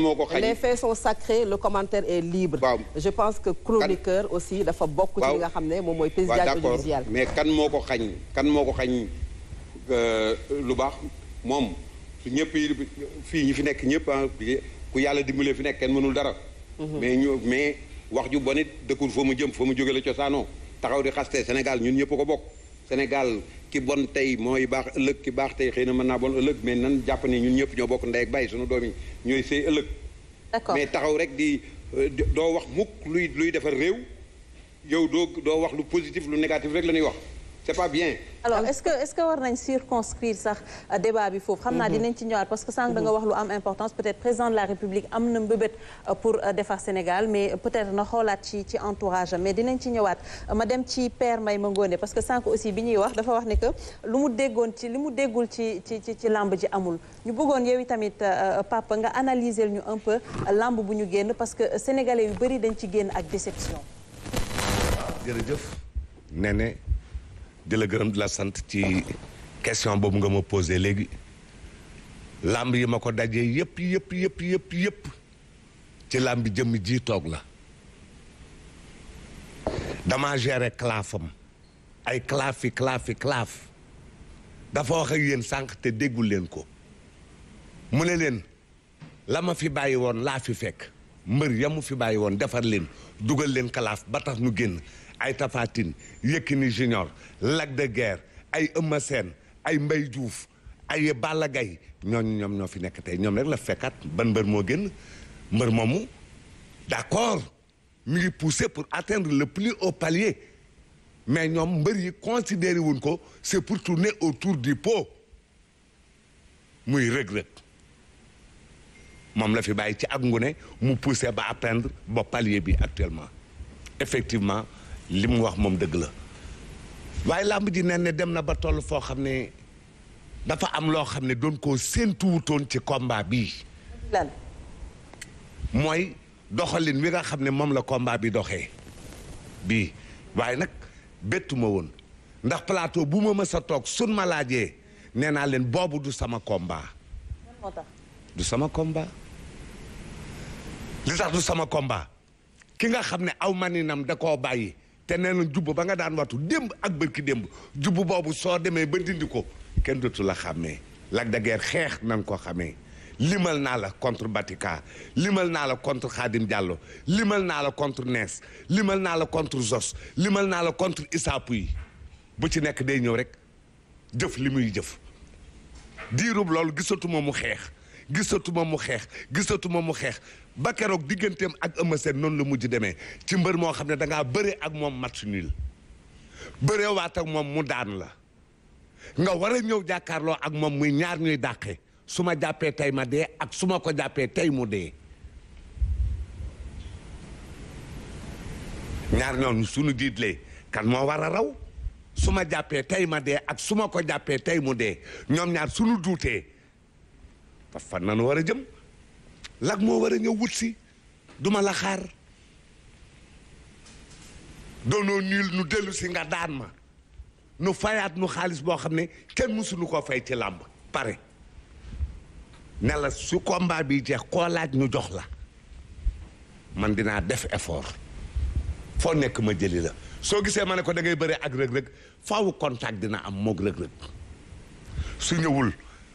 moo ko xañ les faits sont sacrés le commentaire est libre. waaw je pense que chroniqueur aussi dafa bokk. ci nga xam ne moom mooy. paysage audiovisuel mais kan moo ko xañ kan moo ko xañ euh, lu baax moom su ñëpp fii ñu fi nekk ñëpp ah ku yàlla dimbalee fi nekk kenn mënul dara. Mhm. mais ñu mais wax ju bon it dëkkul foo mu jëm foo mu jóge la cosaanoo taxaw di xaste Sénégal ñun ñëpp ko bokk. Sénégal ki bon tey mooy baax ëllëg ki baax tey xëy na mën naa bon ëllëg mais nan jàpp ne ñun ñëpp ñoo bokk ndey ak baay suñu doom yi ñooy sëy ëllëg mais taxaw rek euh, di doo wax mukk luy luy defar réew yow doo doo wax lu positif lu négatif rek la ñuy wax c'est pas bien. alors est-ce que est-ce que war nañ circonscrire sax euh, débat bi foofu. xam naa mhm. dinañ ci ñëwaat parce que sànq da nga mhm. wax lu am importance peut-être président de la République am na mbëbët euh, pour euh, defar Sénégal mais peut-être na xoolaat ci ci entourage mais dinañ ci ñëwaat ma dem ci per père Mbaye Mangoné parce que sànq aussi bi ñuy wax dafa wax ne que lu mu déggoon ci li mu déggul ci ci ci ci làmb ji amul. ñu bëggoon yow tamit papa nga analyser ñu un peu làmb bu ñu génn parce que sénégalais yu bëri dañ ci génn ak déception. di la gërëm di la sant ci question boobu nga ma posé léegi làmb yi ma ko dajee yëpp yëpp yëpp yëpp yëpp ci làmb jëmm ji toog la dama géré claafam ay claafi claafi claaf dafa wax ak yéen sànq te déggul leen ko mu ne leen la ma fi bàyyi woon laa fi fekk mbër yamu fi bàyyi woon defar leen dugal leen kalaaf ba tax nu génn ay Tapha Tine Yékini Junior Lac de Guerre ay Eumeu ay mbay Diouf ay Balla Gaye ñooñu ñoom ñoo fi nekk tey ñoom rek la fekkat ban mbër moo génn mbër moomu d'accord mi ngi poussé pour atteindre le plus haut palier mais ñoom mbër yi considéré wuñ ko c'est pour tourner autour du po muy regret moom la fi bàyyi ci ak ngune mu poussé ba atteindre ba palier bi actuellement effectivement li mu wax moom dëgg la waaye làmb ji nen ne dem na ba toll foo xam ne dafa am loo xam ne doon koo séentuwutoon ci kombaa bii lan mooy doxalin wi nga xam ne moom la combat bi doxee bii waaye nag béttuma woon ndax plateau bu ma mës toog sun ma laajee nee naa leen boobu du sama combat du sama combat li tax du sama combat ki nga xam ne aw maninam da koo bàyyi te nee na ba nga daan wattu démb ak bërki démb jubb boobu soo demee ba dindi ko kenn dootu la xàmmee Lac de xeex nan ko xamee limal naa la contre Batika limal naa la contre Khadim Diallo limal naa la contre Nees limal naa la contre Zos limal naa la contre Issa yi bu ci nekk day ñëw rek jëf li muy jëf diirub loolu gisatuma mu xeex gisatuma mu xeex gisatuma mu xeex ba keroog digganteem ak Eumeu Sène noonu la mujj demee ci mbër moo xam ne da ngaa bëre ak moom match nul bëree waat moom mu daan la nga war a ñëw jàkkaarloo ak moom muy ñaar ñuy dàqe su ma jàppee tey ma dee ak su ma ko jàppee tey mu dee ñaar ñoom suñu diitlee kan moo war su ma jàppee tey ma dee ak su ma ko jàppee tey mu dee ñoom ñaar suñu duutee fa fan nanu war a jëm Lac moo war a ñëw wut si duma la xaar doonoo niil nu dellu si nga daan ma nu fayaat nu xaalis boo xam ne kenn mësuñu koo fay ci làmb pare ne la su combat bi jeex koo laaj ñu jox la man dinaa def effort foo nekk ma jëli la soo gisee ma ne ko dangay ngay bëree ak rëg-rëg faaw contact dina am moog rëg-rëg su ñëwul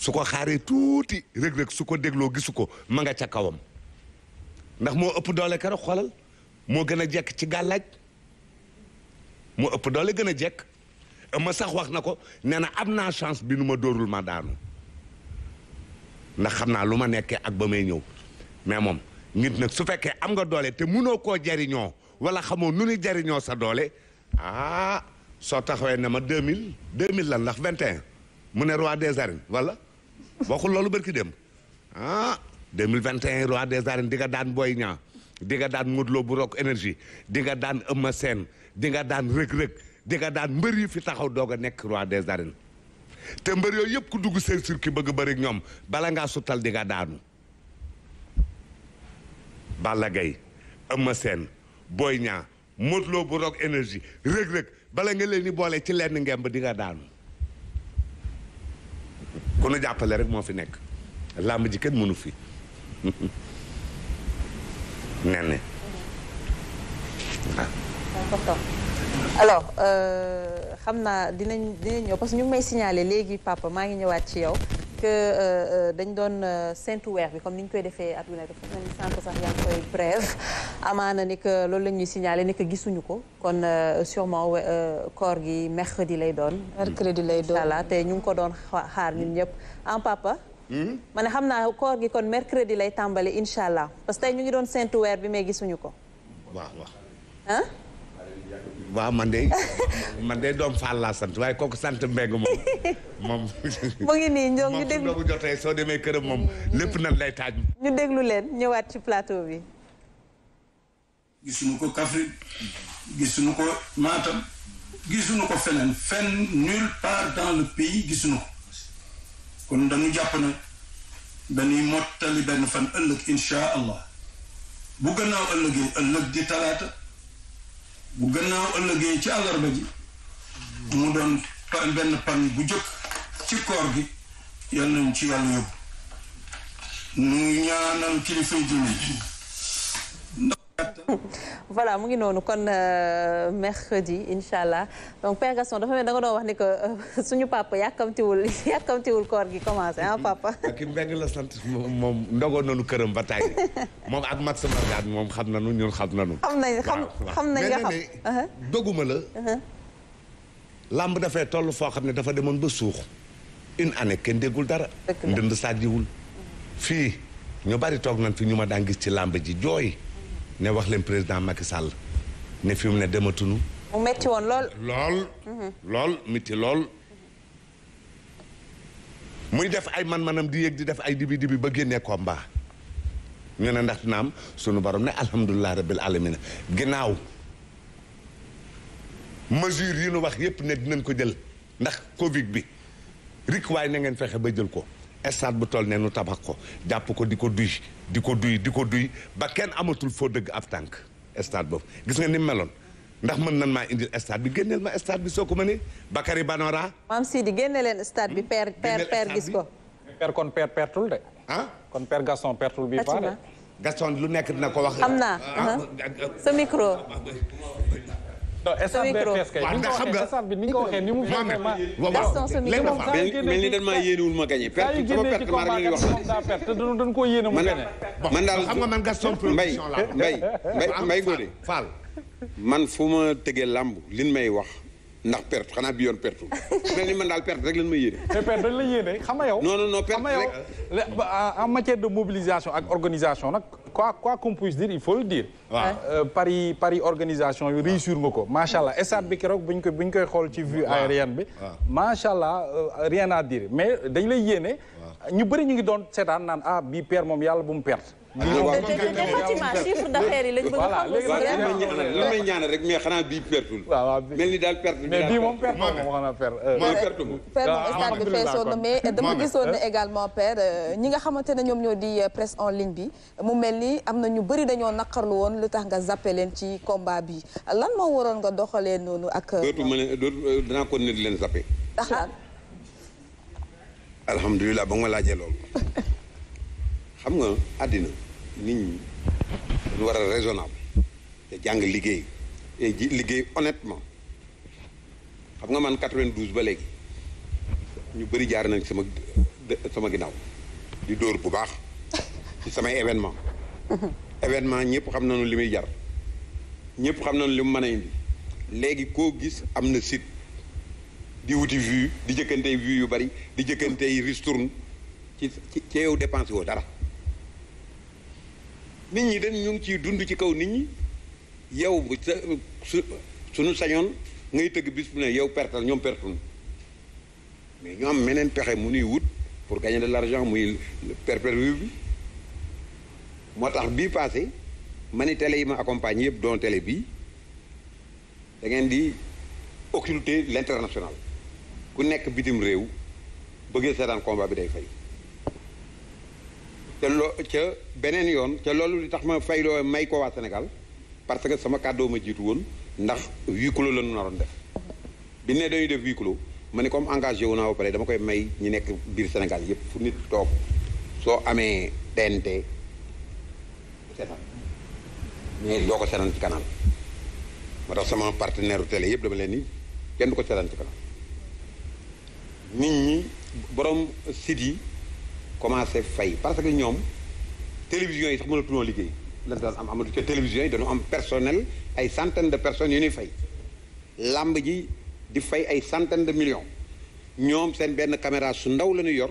su ko xaaree tuuti rëg-rëg su ko dégloo gisu ko ma nga ca kawam ndax moo ëpp doole keroog xoolal moo gën a jekk ci gàllaaj moo ëpp doole gën a jekk ma sax wax na ko nee na am naa chance bi nu ma doorul ma daanu ndax xam naa lu ma nekkee ak ba may ñëw mais moom nit nag su fekkee am nga doole te munoo koo jariñoo wala xamoo nu ni jariñoo sa doole ah soo taxawee ne ma deux mille deux mille lan ndax vingt et mu ne roi des arènes wala waxul loolu barki dem ah 2021 roi des arènes di nga daan booy ñaa di daan Modou Lo bu Rock énergie di nga daan Eumeu seen di nga daan Reug Reug di nga daan mbër yi fi taxaw doog a nekk roi des arènes te mbër yooyu yëpp ku dugg seen circuit bëgg bëri ñoom bala ngaa suttal di nga daanu Balla Gaye Eumeu Sène Boy Niang Modou Lo bu Rock énergie Reug Reug bala nga leen di boole ci lenn ngemb di nga daanu nu jàppale rek moo fi nekk làmb ji kenn mënu fi nen waaw ah. alors euh, xam naa dinañ dinañ ñëw parce ñu may signaler léegi papa maa ngi ñëwaat ci yow que euh, euh, dañ doon euh, seentu weer bi comme ni ñu koy defee at wu nekk foog na ni sànq sax yaa ngi koy brève amaana ni loolu la ñuy signaler ni gisuñu ko kon sûrement koor gi mercredi lay doon. mercredi lay doon voilà ñu ngi ko doon xaar ñun ñëpp en ah, papa. Hmm? ma ne xam naa koor gi kon mercredi lay tàmbali incha allah parce que ñu ngi doon seentu weer bi may gisuñu ko. waaw man de man de doom Fall sant waaye kooku sant Mbengue moom moom. mu ngi nii ñoo ñu déglu soo demee këram moom lépp nan lay taaj. ñu déglu leen ñëwaat ci plateau bi. gisuñu ko Kaffrine gisuñu ko Matam gisuñu ko feneen fenn nulle part dans le pays gisuñu ko kon dañu jàpp ne dañuy mottali benn fan ëllëg incha allah bu gannaaw ëllëgee ëllëg di talaata. bu gannaaw ëllëgee ci àllarba ji mu doon benn pan bu jëkk ci koor gi yal nañ ci yàlla yóbbu nu ñaanal kilifa yi voilà mu ngi noonu kon euh, mercredi incha allah donc Père Gaston dafa mel da nga doon wax ni que euh, suñu papa yàkkamtiwul yàkkamtiwul koor gi commencé ah papa. ak mbeng la sant moom ndogoon nañu këram ba tey moom ak Max Margane moom xam nañu ñun xam nañu. xam nañ xam xam nañ nga xam uh-huh. mais doguma la. Uh-huh. làmb dafay toll foo xam ne dafa demoon ba suux une année kenn déggul dara. ndënd sàjjiwul mm-hmm. fii ñu bari toog na fi ñu ma daan gis ci làmb ji jooy. ne wax leen président Macky Sall ne fi mu ne dematunu mu métti woon lool lool. lool métti lool. muy def ay man-manam di yéeg di def ay dibi dibi ba génnee combat ñu ne ndax dina sunu borom ne alhamdulilah rabbil alamina ginnaaw mesure yi nu wax yépp ne dinañ ko jël ndax Covid bi rik waaye na ngeen fexe ba jël ko. stade bu toll nee nu tabax ko jàpp ko di ko duy di ko duy di ko duy ba kenn amatul foo dëgg ab tànk stade boobu gis nga ni meloon ndax mën nan maa indi stade bi génneel ma stade bi soo ko mënee Bakary Banora. maam Sidi génne leen stade bi. père père père gis ko. père kon père pertul de. de. Gaston lu nekk dina ko wax. xam naa ah, ah, ah. sa micro. non stade BRTS kay nga xam nga stade bi ni nga ko waxee ma mel ni dañ maa ma gagné perte sama man daal xam nga man Gaston Production la mbay mbay mbay man foo ma tëgee làmb liñ may wax ndax perte xanaa bi yoon perte mel ni man daal perte rek lañ ma yéene mais perte la yéene xam nga yow non non non perte rek en matière de mobilisation ak organisation nag quoi quoi qu'on puisse dire faut le dire. waaw euh, pari pari organisation yu réussir nga ko. macha allah stade bi keroog buñ ko buñ koy xool ci vue aérienne bi. macha allah euh, rien à dire mais dañ lay yéene. ñu bëri ñu ngi doon seetaan naan ah bii père moom yàlla bu mu perte. Ah, te chiffre d'affaires yi lañ a xam. lan may rek mais xanaa bii pertul. mel ni daal perte mais bii moom perte moom xanaa perte moom. Euh, ah, ah, stade bi feesoon na mais euh, dama gisoon ne également père euh, ñi nga xamante ne ñoom ñoo di presse en ligne bi mu mel ni am na ñu bari dañoo naqarlu woon lu tax nga zappé leen ci kombaa bi lan moo waroon nga doxalee noonu ak. dootu ma ne dootu danaa ko ne di leen zappé. alhamdulilah ba nga laajee loolu. xam nga àddina nit ñi dañu war a raisonnable te jàng liggéey et liggéey honnêtement xam nga man 92 ba léegi ñu bëri jaar nañ sama sama ginnaaw di dóor bu baax ci samay événement événement ñëpp xam nañu li muy jar ñëpp xam nañu li mu mën a indi léegi koo gis am na sit di wuti vue di jëkkante vue yu bari di jëkkante ristourne ci ci yow dépensé woo dara nit ñi dañ ñu ngi ciy dund ci kaw nit ñi yow su suñu sañoon ngay tëgg bis bu ne yow pertal ñoom pertul mais ñu am meneen pexe mu nuy wut pour gagner de l'argent muy perpervue bi moo tax bii passé ma ni télé yi ma accompagne yëpp doon télé bii da ngeen di occulter l'international ku nekk bitim réew bëggee seetaan combat bi day fay ca ca beneen yoon ca loolu li tax ma fayloo may ko waa Sénégal parce que sama kàddoo ma jiitu woon ndax huis clos la ñu naroon def bi ne dañuy def huis clos ma ne comme engagé wu naa ba pare dama koy may ñi nekk biir Sénégal yépp fu nit toog soo amee TNT seetaan mais doo ko seetaan ci canal moo tax sama partenaire télé yépp dama leen ni kenn du ko seetaan ci canal nit ñi borom site yi commencé fay parce que ñoom télévision yi sax mënatuñoo liggéey lan daan am amatu ca télévision yi dañu am personnel ay centaine de personnes yu ñuy fay làmb ji di fay ay centaine de millions ñoom seen benn caméra su ndaw lañu ñu yor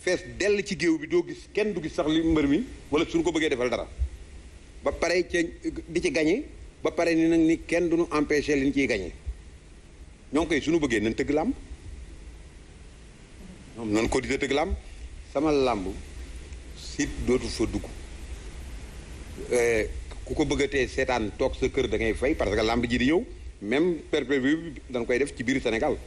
fees dell ci géew bi doo gis kenn du gis sax li mbër mi wala suñu ko bëggee defal dara ba pare ca di ci gañe ba pare ni nag ni kenn duñu empêché liñ ciy gañe ñoo ngi koy suñu bëggee nañ tëgg làmb ñoom nan ko di tëgg sama làmb site dootu fa dugg eh, ku ko bëggatee seetaan toog sa kër da ngay fay parce que làmb ji di ñëw même perpévu dañ koy def ci biir Sénégal